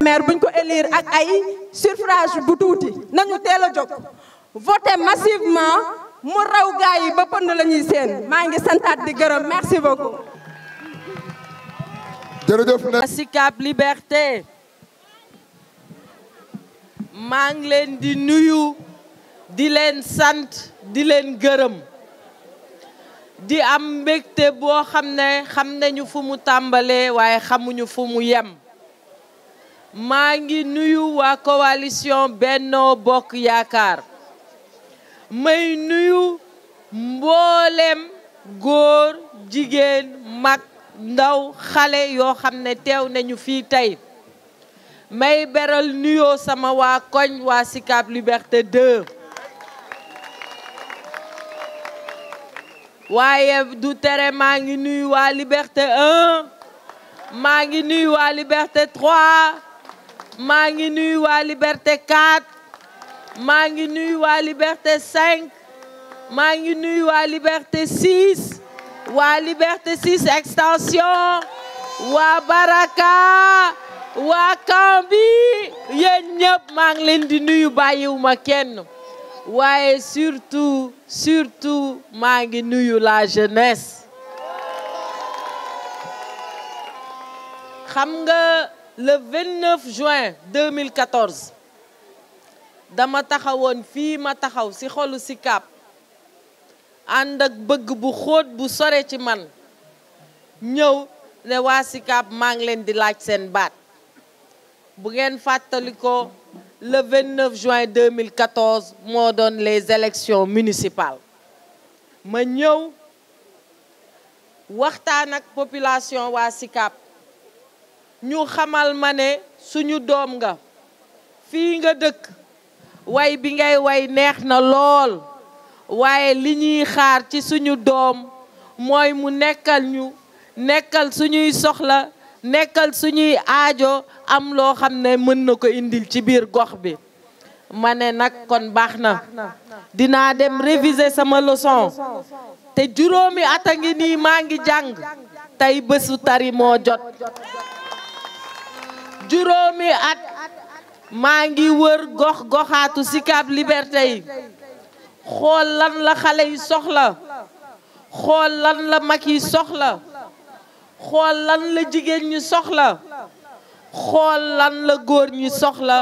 maire buñ ko élire ak ay suffrage bu tuuti nañu teel a jóg voté massivement mu raw gaay yi ba pënd seen maa ngi santaat di gërëm merci beaucoup. jërëjëf na maa ngi leen di nuyu di leen sant di leen gërëm di am mbégte boo xam ne xam nañu fu tàmbalee waaye xamuñu fu mu yem. maa ngi nuyu waa coalition Benno Bokk Yaakaar may nuyu mboolem góor jigéen mag ndaw xale yoo xam ne teew nañu fii tey may beral nuyoo sama waa koñ waa Sicap Liberté 2 waaye du tere maa ngi nuyu waa Liberté 1 maa ngi nuyu waa Liberté maa ngi nuyu waa Liberté 4 maa ngi nuyu waa Liberté 5 maa ngi nuyu waa Liberté 6 waa Liberté 6 extension waa Baraka waa Kambi yéen ñëpp maa ngi leen di nuyu bàyyiwuma kenn waaye surtu surtout maa ngi nuyu la jeunesse le 29 juin 2014 dama taxawoon fii ma taxaw ci xolu Sicap ànd ak bëgg bu xóot bu sore ci man ñëw ne waa Sicap maa ngi leen di laaj seen baat bu ngeen fàttalikoo le 29 juin 2014 moo doon les élections municipales ma ñëw waxtaan ak population waa Sicap ñu xamal ma ne suñu doom nga fii nga dëkk way bi ngay way neex na lool waaye li ñuy xaar ci suñu doom mooy mu nekkal ñu nekkal suñuy soxla nekkal suñuy aajo am loo xam ne mën na ko indil ci biir gox bi ma ne nag kon baax na dinaa dem réviser sama leçon te juróomi at a ngi nii maa ngi jàng tey bésu tari moo jot juróomi at maa ngi wër gox goxaatu Sicap Liberté yi xool lan la xale yi soxla xool lan la mag yi soxla xool lan la jigéen ñi soxla xool lan la góor ñi soxla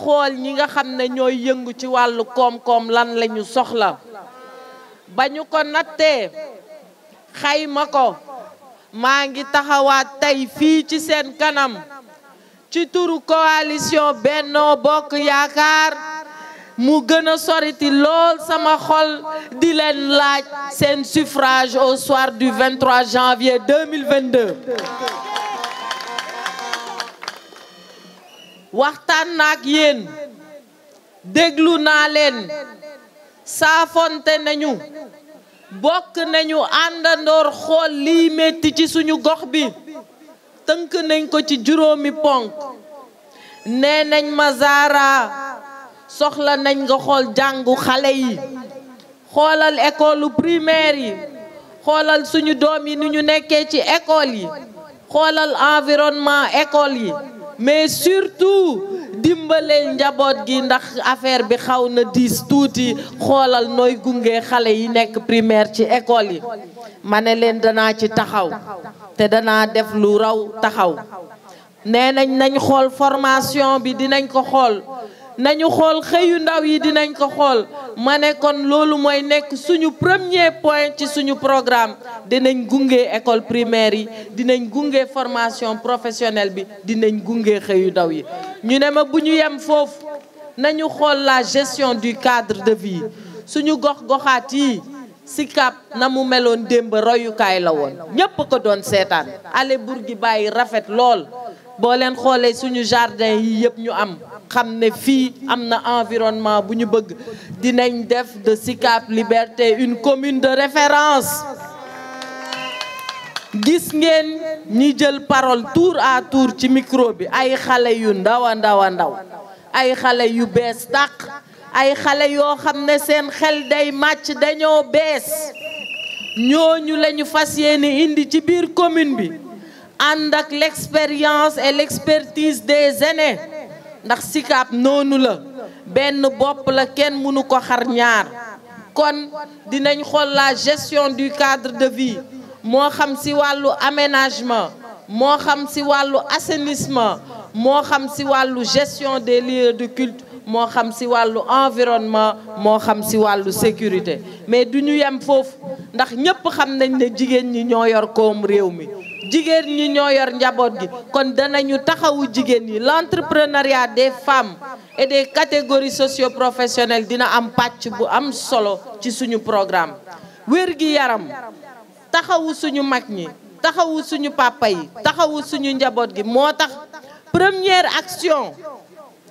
xool ñi nga xam ne ñooy yëngu ci wàllu koom-koom lan lañu ñu soxla ba ñu ko nattee xayma ko maa ngi taxawaat tey fii ci seen kanam ci turu coalition Benno Bokk Yaakaar mu gën a soriti lool sama xol di leen laaj seen suffrage au soir du 23 janvier 2022 waxtaan naak yéen déglu naa leen saafonte nañu bokk nañu àndandoor xool liy metti ci suñu gox bi tënk nañ ko ci juróomi ponk nee nañ ma Zahra soxla nañ nga xool jàngu xale yi xoolal école primaire yi xoolal suñu doom yi ni ñu nekkee ci école yi xoolal environnement école yi mais surtout dimbaleel njaboot gi ndax affaire bi xaw na diis tuuti xoolal nooy gunge xale yi nekk primaire ci école yi ma ne leen danaa ci taxaw te danaa def lu raw taxaw nee nañ xool formation bi dinañ ko xool nañu xool xëyu ndaw yi dinañ ko xool ma ne kon loolu mooy nekk suñu premier point ci suñu programme dinañ gunge école primaire yi dinañ gunge formation professionnel bi dinañ gunge xëyu daw yi ñu ne ma bu ñu yem foofu nañu xool la gestion du cadre de vie suñu gox-goxaat yi Sicap na mu meloon démb royukaay la woon ñépp ko doon seetaan Alébourg gi bàyyi rafet lool boo leen xoolee suñu jardin yi yëpp ñu am xam ne fii am na environnement bu ñu bëgg dinañ def de Sicap Liberté une commune de référence gis ngeen ñi jël parole tour à tour ci micro bi ay xale yu ndaw a ndaw a ndaw ay xale yu bees tàq ay xale yoo xam ne seen xel day màcc dañoo bees ñooñu lañu fas yeeni indi ci biir commune bi ànd ak l'expérience et l'expertise des aînés ndax sikaab noonu la benn bopp la kenn mënu ko xar ñaar kon dinañ xool la gestion du cadre de vie moo xam ci wàllu aménagement moo xam ci wàllu assainissement moo xam ci wàllu gestion des lieux de culte moo xam ci wàllu environnement moo xam ci wàllu sécurité mais du ñu yem foofu ndax ñépp xam nañ ne jigéen ñi ñoo yor koom réew mi jigéen ñi ñoo yor njaboot gi kon danañu taxawu jigéen ñi l'entrepreneuriat des femmes et des catégories socio-professionnelles dina am pàcc bu am solo ci suñu programme wér gi yaram taxawu suñu mag ñi taxawu suñu papa yi taxawu suñu njaboot gi moo tax première action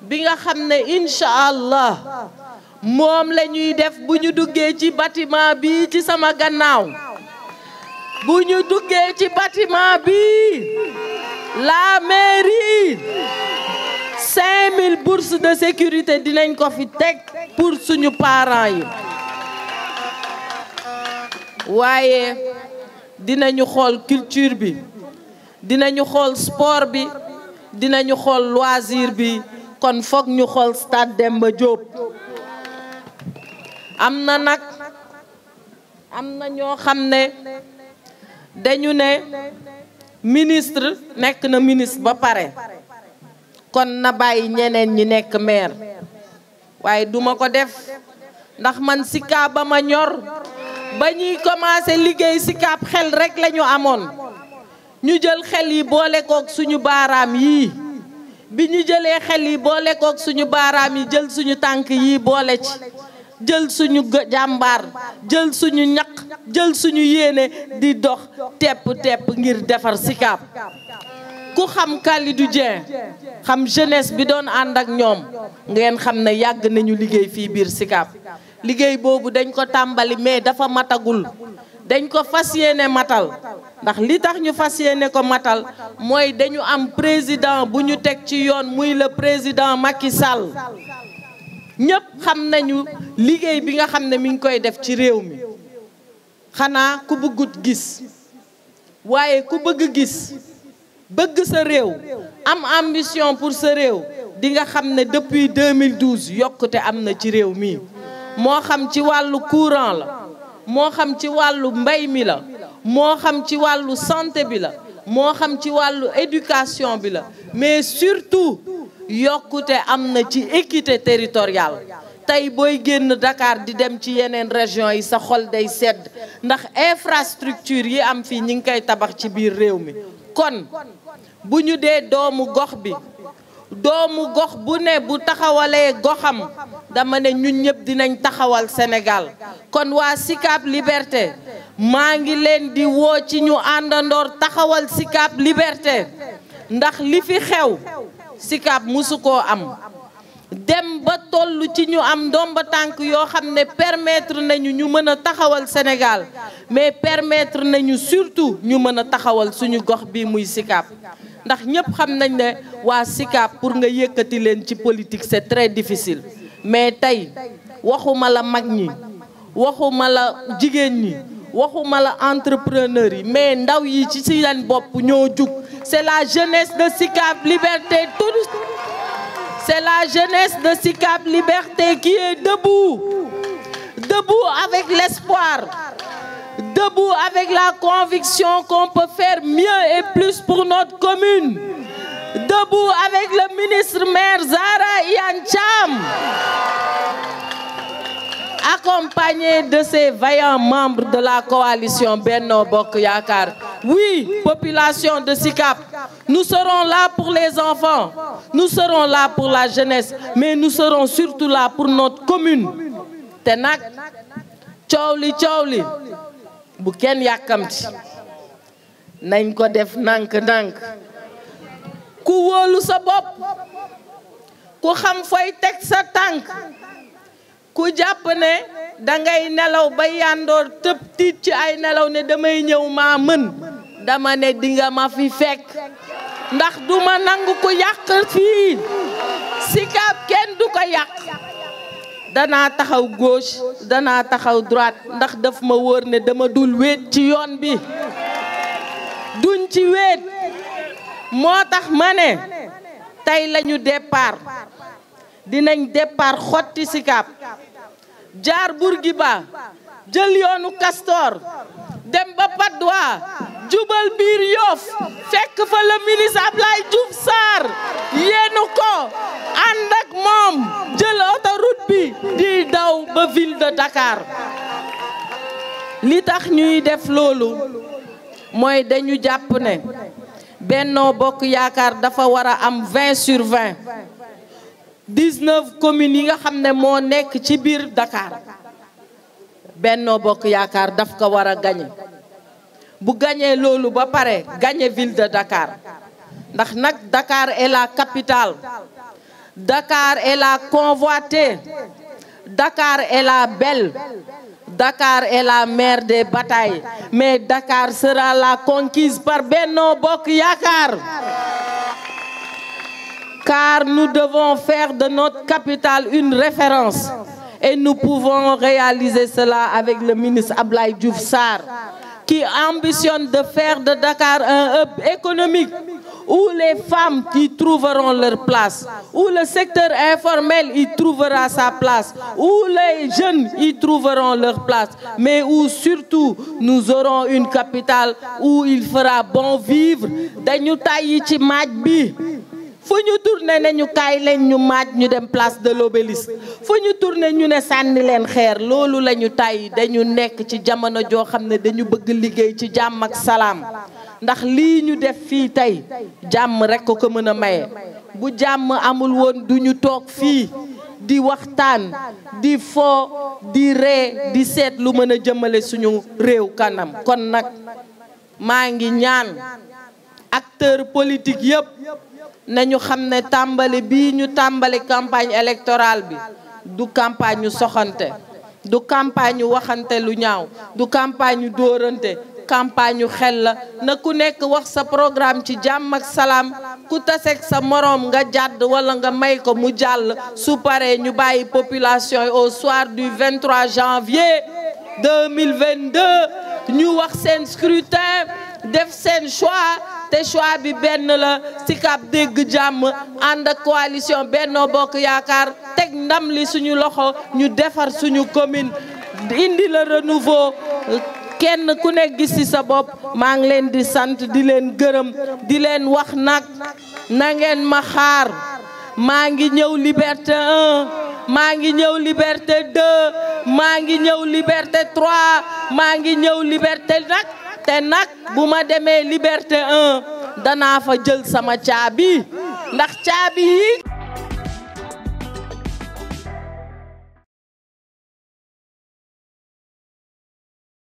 bi nga xam ne incha allah moom la ñuy def bu ñu duggee ci bâtiment bi ci sama gannaaw bu ñu duggee ci bâtiment bi la mairie 5000 de sécurité dinañ ko fi teg pour suñu parents yi waaye dinañu xool culture bi dinañu xool sport bi dinañu xool loisir bi kon foog ñu xool stade Demba Diop am na nag am na ñoo xam ne dañu ne ministre nekk na ministre ba pare kon na bàyyi ñeneen ñi nekk maire waaye duma ko def ndax man Sicap ma ñor ba ñuy commencé liggéey Sicap xel rek lañu ñu amoon ñu jël xel yi boole kook suñu baaraam yii bi ñu jëlee xel yi boole kook suñu baaraam yi jël suñu tànk yii boole ci jël suñu jàmbaar jël suñu ñaq jël suñu yéene di dox tepp tepp ngir defar Sicap ku xam Kalidou Dieng xam jeunesse bi doon ànd ak ñoom ngeen xam ne yàgg nañu liggéey fii biir Sicap liggéey boobu dañ ko tàmbali mais dafa matagul dañ ko fas yéene matal ndax li tax ñu fas yéene ko matal mooy dañu am président bu ñu teg ci yoon muy le président Macky Sall ñëpp xam nañu liggéey bi nga xam ne mi ngi koy def ci réew mi xanaa ku bëggut gis waaye ku bëgg gis bëgg sa réew am ambition pour sa réew di nga xam ne depuis 2012 yokkute am na ci réew mi moo xam ci wàllu courant la moo xam ci wàllu mbay mi la moo xam ci wàllu santé bi la moo xam ci wàllu éducation bi la mais surtout yokkute am na ci équité territoriale tey booy génn dakaar di dem ci yeneen région yi sa xol day sedd ndax infrastructure yi am fii ñi ngi koy tabax ci biir réew mi kon bu ñu dee doomu gox bi doomu gox bu ne bu taxawalee goxam dama ne ñun ñëpp dinañ taxawal Sénégal kon waa Sicap Liberté maa ngi leen di woo ci ñu àndandoor taxawal Sicap Liberté ndax li fi xew SICAP musu koo am dem ba toll ci ñu am ndomba tànk yoo xam ne permettre nañu ñu mën a taxawal Sénégal mais permettre nañu surtout ñu mën a taxawal suñu gox bi muy SICAP ndax ñëpp xam nañ ne waa SICAP pour nga yëkkati leen ci politique c'est très difficile mais tey waxuma la mag ñi waxuma la jigéen ñi waxuma la entrepreneur yi mais ndaw yi ci seen bopp ñoo jug c'est la jeunesse de SICAP Liberté tous c'est la jeunesse de SICAP Liberté qui est debout debout avec l'espoir debout avec la conviction qu'on peut faire mieux et plus pour notre commune debout avec le ministre maire Zahra Iyane accompagné de ses vaillants membres de la coalition Benno Bokk Oui, population de SICAP, nous serons là pour les enfants, nu serons la pour la jeunesse, mais nu serons surtout la pour notre commune. te nag coow li coow li bu kenn yàkkamti nañ ko def ndànk-ndànk ku wóolu sa bopp ku xam fooy teg sa tànk ku jàpp ne dangay nelaw ba yandoor tëb tiit ci ay nelaw ne damay ñëw maa mën dama ne dinga ma fi fekk ndax duma nangu ko yàq fii Sicap kenn du ko yàq danaa taxaw gauche danaa taxaw droite ndax daf ma wóor ne dama dul wéet ci yoon bi duñ ci wéet moo tax ma ne tey lañu départ dinañ départ xotti Sicap jaar Bourguiba jël yoonu Castor dem ba Patte d'Oie jubal biir Yoff fekk fa le ministre Ablaye Diouf Sarr yéenu ko ànd ak moom jël autoroute bi di daw ba ville de Dakar li tax ñuy def loolu mooy dañu jàpp ne Benno Bokk Yaakaar dafa war a am 20 sur 20 yi nga xam ne moo nekk ci biir dakaar Benno Bokk Yaakaar daf ko war a gañe bu gagné loolu ba pare gagné ville de Dakar ndax nag Dakar est la capitale Dakar est la convoitée Dakar est la belle Dakar est la mère des batailles mais Dakar sera la conquise par Benno Bokk Yakaar car nous devons faire de notre capitale une référence et nous pouvons réaliser cela avec le ministre Abdoulaye Diouf Sarr qui ambitionne de faire de Dakar un hub économique où les femmes y trouveront leur place, où le secteur informel y trouvera sa place, où les jeunes y trouveront leur place, mais où surtout nous aurons une capitale où il fera bon vivre dañu ci maaj fu ñu tourné ne ñu kaay ñu maaj ñu dem place de l'obélisque fu ñu tourné ñu ne sànni leen xeer loolu lañu ñu tàyyi dañu nekk ci jamono joo xam ne dañu bëgg liggéey ci jàmm ak salaam ndax lii ñu def fii tey jàmm rek ko ko mën a maye bu jàmm amul woon duñu toog fii di waxtaan di foo di ree di seet lu mën a jëmale suñu réew kanam kon nag maa ngi ñaan acteur politique yépp ñu xam ne tàmbali bii ñu tàmbali campagne électorale bi du campagne ñu soxante du campagne ñu waxante lu ñaaw du campagne yu dóorante campagne ñu xel la na ku nekk wax sa programme ci jàmm ak salaam ku taseeg sa moroom nga jàdd wala nga may ko mu jàll su pare ñu bàyyi population au soir du 23 janvier 2022 ñu wax seen scrutin def seen choix te choix bi benn la Sicap dégg jàmm ànd ak coalition Benno Bokk Yaakaar teg ndam li suñu loxo ñu defar suñu commune indi la renouveau kenn ku ne gis ci sa bopp maa ngi leen di sant di leen gërëm di leen wax nag na ngeen ma xaar maa ngi ñëw liberté maa ngi ñëw liberté maa ngi ñëw liberté 3 maa ngi ñëw liberté nag te nag bu ma demee Liberté 1 danaa fa jël sama caabi ndax caabi yi